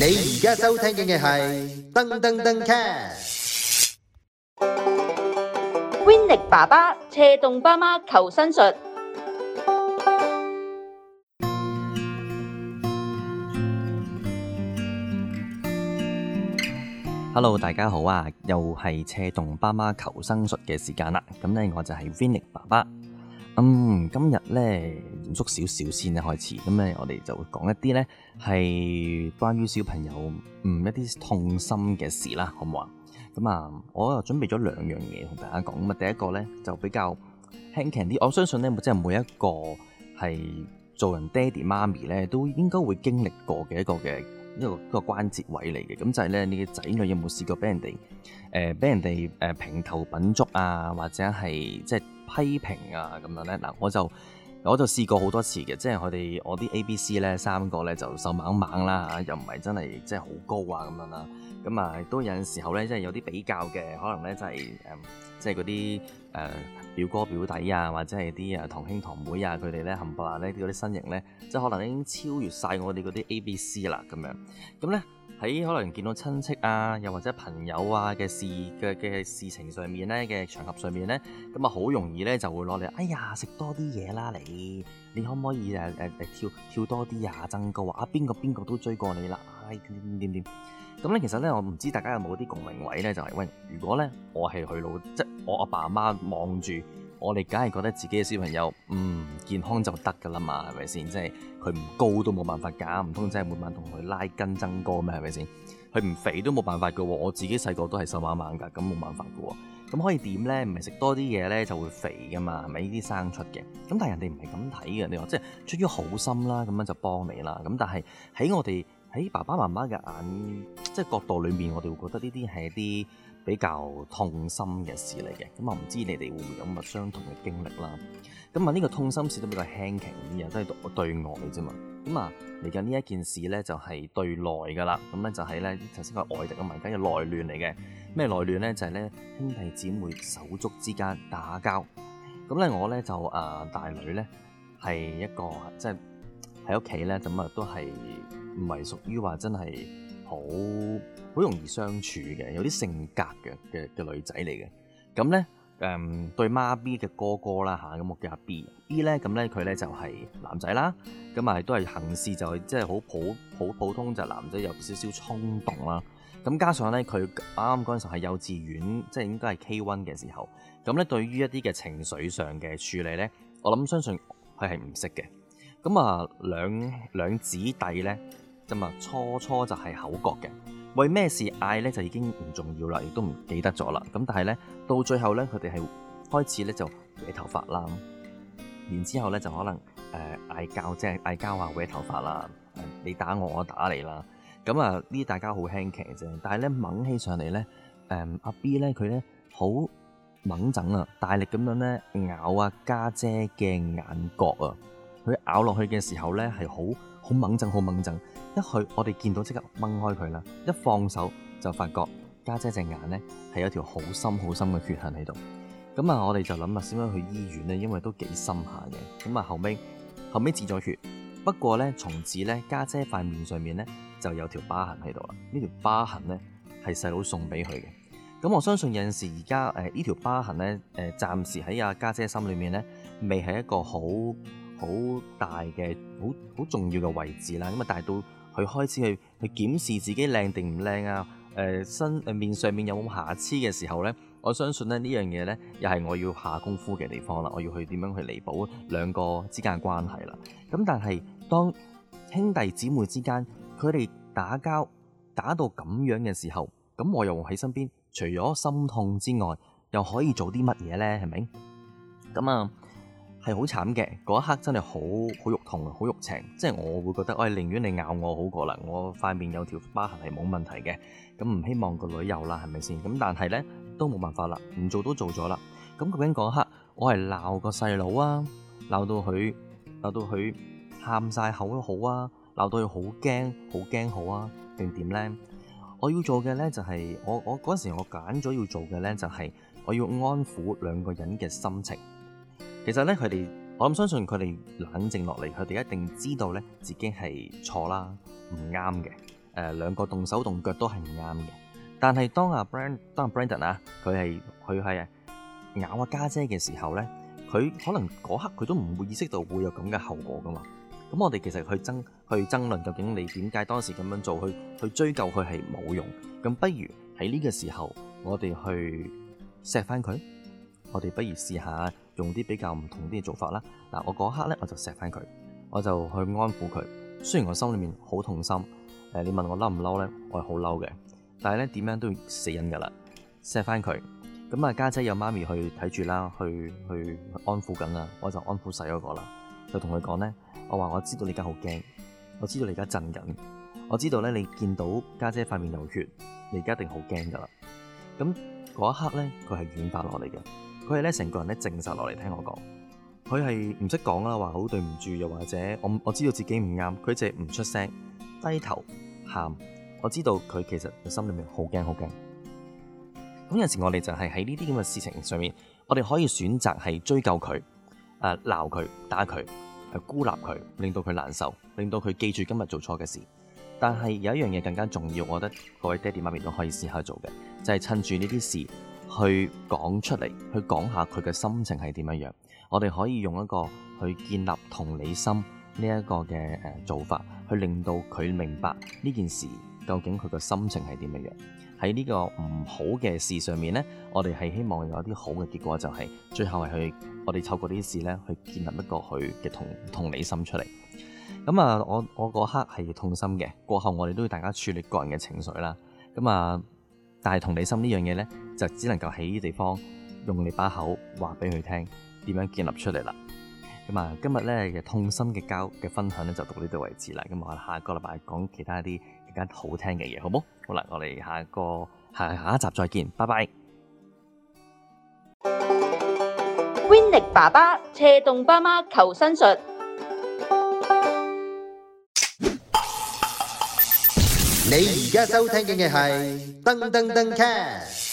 你而家收聽嘅係燈登登 cast，Vinnie 爸爸車動爸媽求生術。Hello，大家好啊，又係車動爸媽求生術嘅時間啦。咁呢，我就係 Vinnie 爸爸。嗯，今日咧嚴肅少少先啦，開始咁咧，我哋就會講一啲咧係關於小朋友唔一啲痛心嘅事啦，好唔好啊？咁啊，我又準備咗兩樣嘢同大家講，咁啊，第一個咧就比較輕鬆啲，我相信咧即係每一個係做人爹哋媽咪咧都應該會經歷過嘅一個嘅一個一個關節位嚟嘅，咁就係咧你嘅仔女有冇試過俾人哋誒俾人哋誒評頭品足啊，或者係即係，批評啊咁樣咧，嗱，我就我就試過好多次嘅，即係我哋我啲 A、B、C 咧三個咧就瘦蜢蜢啦，又唔係真係即係好高啊咁樣啦，咁啊都有陣時候咧，即係有啲比較嘅，可能咧就係誒即係嗰啲誒表哥表弟啊，或者係啲啊堂兄堂妹啊，佢哋咧冚唪唥呢，嗰啲身形咧，即係可能已經超越晒我哋嗰啲 A、B、C 啦咁樣，咁咧。喺可能見到親戚啊，又或者朋友啊嘅事嘅嘅事情上面咧嘅場合上面咧，咁啊好容易咧就會攞嚟，哎呀食多啲嘢啦你，你可唔可以、啊啊、跳跳多啲啊增高啊啊，邊個邊個都追過你啦，哎點點點點，咁咧其實咧我唔知大家有冇啲共鳴位咧，就係、是、喂如果咧我係佢老即我阿爸阿媽望住。我哋梗係覺得自己嘅小朋友，嗯，健康就得噶啦嘛，係咪先？即係佢唔高都冇辦法㗎，唔通真係每晚同佢拉筋增高咩？係咪先？佢唔肥都冇辦法嘅喎。我自己細個都係瘦蜢蜢㗎，咁冇辦法嘅喎。咁可以點呢？唔係食多啲嘢呢就會肥㗎嘛，係咪呢啲生出嘅？咁但係人哋唔係咁睇嘅，你話即係出於好心啦，咁樣就幫你啦。咁但係喺我哋。喺爸爸媽媽嘅眼即係角度裏面，我哋會覺得呢啲係一啲比較痛心嘅事嚟嘅。咁我唔知你哋會唔會有咁乜相同嘅經歷啦。咁啊，呢個痛心事都比較輕傾，日日都係對對外啫嘛。咁啊，嚟緊呢一件事咧就係對內㗎啦。咁咧就係咧，頭先個外敵嘅問題，而家嘅內亂嚟嘅，咩內亂咧就係咧，兄弟姊妹手足之間打交。咁咧我咧就啊大女咧係一個即係喺屋企咧咁啊都係。唔係屬於話真係好好容易相處嘅，有啲性格嘅嘅嘅女仔嚟嘅。咁咧誒對媽 B 嘅哥哥啦嚇，咁、啊、我叫阿 B B 咧，咁咧佢咧就係男仔啦，咁啊都係行事就係即係好普好普通就男仔有少少衝動啦。咁加上咧佢啱啱嗰陣時係幼稚園，即、就、係、是、應該係 K1 嘅時候，咁咧對於一啲嘅情緒上嘅處理咧，我諗相信佢係唔識嘅。咁啊兩兩姊弟咧。咋嘛？初初就係口角嘅，為咩事嗌咧就已經唔重要啦，亦都唔記得咗啦。咁但係咧，到最後咧，佢哋係開始咧就捱頭髮啦，然之後咧就可能誒嗌交，即係嗌交啊，歪、就係、頭髮啦，你打我，我打你啦。咁啊呢大家好輕騎啫，但係咧、啊、猛起上嚟咧，誒阿 B 咧佢咧好猛整啊，大力咁樣咧咬啊家姐嘅眼角啊，佢咬落去嘅時候咧係好。好猛震，好猛震！一去我哋見到即刻掹開佢啦，一放手就發覺家姐隻眼呢係有條好深好深嘅血痕喺度。咁啊，我哋就諗啊，使唔使去醫院呢？因為都幾深下嘅。咁啊，後尾，後尾止咗血，不過呢，從此呢，家姐塊面上面呢就有條疤痕喺度啦。呢條疤痕呢係細佬送俾佢嘅。咁我相信有陣時而家呢條疤痕呢，誒、呃、暫時喺阿家姐心裏面呢，未係一個好好大嘅好好重要嘅位置啦，咁啊，大到佢開始去去檢視自己靚定唔靚啊，誒、呃，身誒、呃、面上面有冇瑕疵嘅時候咧，我相信咧呢樣嘢咧，又係我要下功夫嘅地方啦，我要去點樣去彌補兩個之間嘅關係啦。咁但係當兄弟姊妹之間，佢哋打交打到咁樣嘅時候，咁我又喺身邊，除咗心痛之外，又可以做啲乜嘢咧？係咪？咁啊，係好慘嘅，嗰一刻真係好好肉痛啊，好肉情，即係我會覺得，我、哎、係寧願你咬我好過啦，我塊面有條疤痕係冇問題嘅，咁唔希望個女有啦，係咪先？咁但係呢，都冇辦法啦，唔做都做咗啦。咁究竟嗰一刻我係鬧個細佬啊，鬧到佢，鬧到佢喊晒口都好啊，鬧到佢好驚，好驚好啊，定點呢？我要做嘅呢，就係、是、我我嗰陣時我揀咗要做嘅呢，就係、是、我要安撫兩個人嘅心情。其實咧，佢哋我諗相信佢哋冷靜落嚟，佢哋一定知道咧自己係錯啦，唔啱嘅。誒，兩個動手動腳都係唔啱嘅。但係當阿 Brand 當 Brandon 啊，佢係佢係啊咬阿家姐嘅時候咧，佢可能嗰刻佢都唔會意識到會有咁嘅後果㗎嘛。咁我哋其實去爭去爭論究竟你點解當時咁樣做，去去追究佢係冇用。咁不如喺呢個時候我哋，我哋去錫返佢，我哋不如試下。用啲比較唔同啲嘅做法啦。嗱，我嗰刻咧我就錫翻佢，我就去安撫佢。雖然我心裏面好痛心，誒，你問我嬲唔嬲咧，我係好嬲嘅。但係咧，點樣都要死忍噶啦，錫翻佢。咁啊，家姐有媽咪去睇住啦，去去安撫緊啦，我就安撫細嗰個啦，就同佢講咧，我話我知道你而家好驚，我知道你而家震緊，我知道咧你見到家姐塊面有血，你而家一定好驚噶啦。咁嗰一刻咧，佢係軟化落嚟嘅。佢係咧成個人咧靜實落嚟聽我講，佢係唔識講啦，話好對唔住，又或者我我知道自己唔啱，佢淨係唔出聲，低頭喊。我知道佢其實心裏面好驚好驚。咁有時我哋就係喺呢啲咁嘅事情上面，我哋可以選擇係追究佢，誒鬧佢、打佢、呃、孤立佢，令到佢難受，令到佢記住今日做錯嘅事。但係有一樣嘢更加重要，我覺得各位爹哋媽咪都可以試下做嘅，就係趁住呢啲事。去講出嚟，去講下佢嘅心情係點樣樣。我哋可以用一個去建立同理心呢一個嘅誒、做法，去令到佢明白呢件事究竟佢嘅心情係點樣樣。喺呢個唔好嘅事上面呢，我哋係希望有一啲好嘅結果，就係最後係去我哋透過呢啲事呢，去建立一個佢嘅同同理心出嚟。咁啊，我我嗰刻係痛心嘅，過後我哋都要大家處理個人嘅情緒啦。咁啊～但係同理心呢樣嘢咧，就只能夠喺呢地方用你把口話俾佢聽，點樣建立出嚟啦？咁、嗯、啊，今日咧嘅痛心嘅交嘅分享咧，就到呢度為止啦。咁、嗯、我下個禮拜講其他啲更加好聽嘅嘢，好唔好？好？好啦，我哋下個下下一集再見，拜拜。Winny 爸爸，斜動爸媽求生術。你而家收聽嘅係噔噔噔 cast。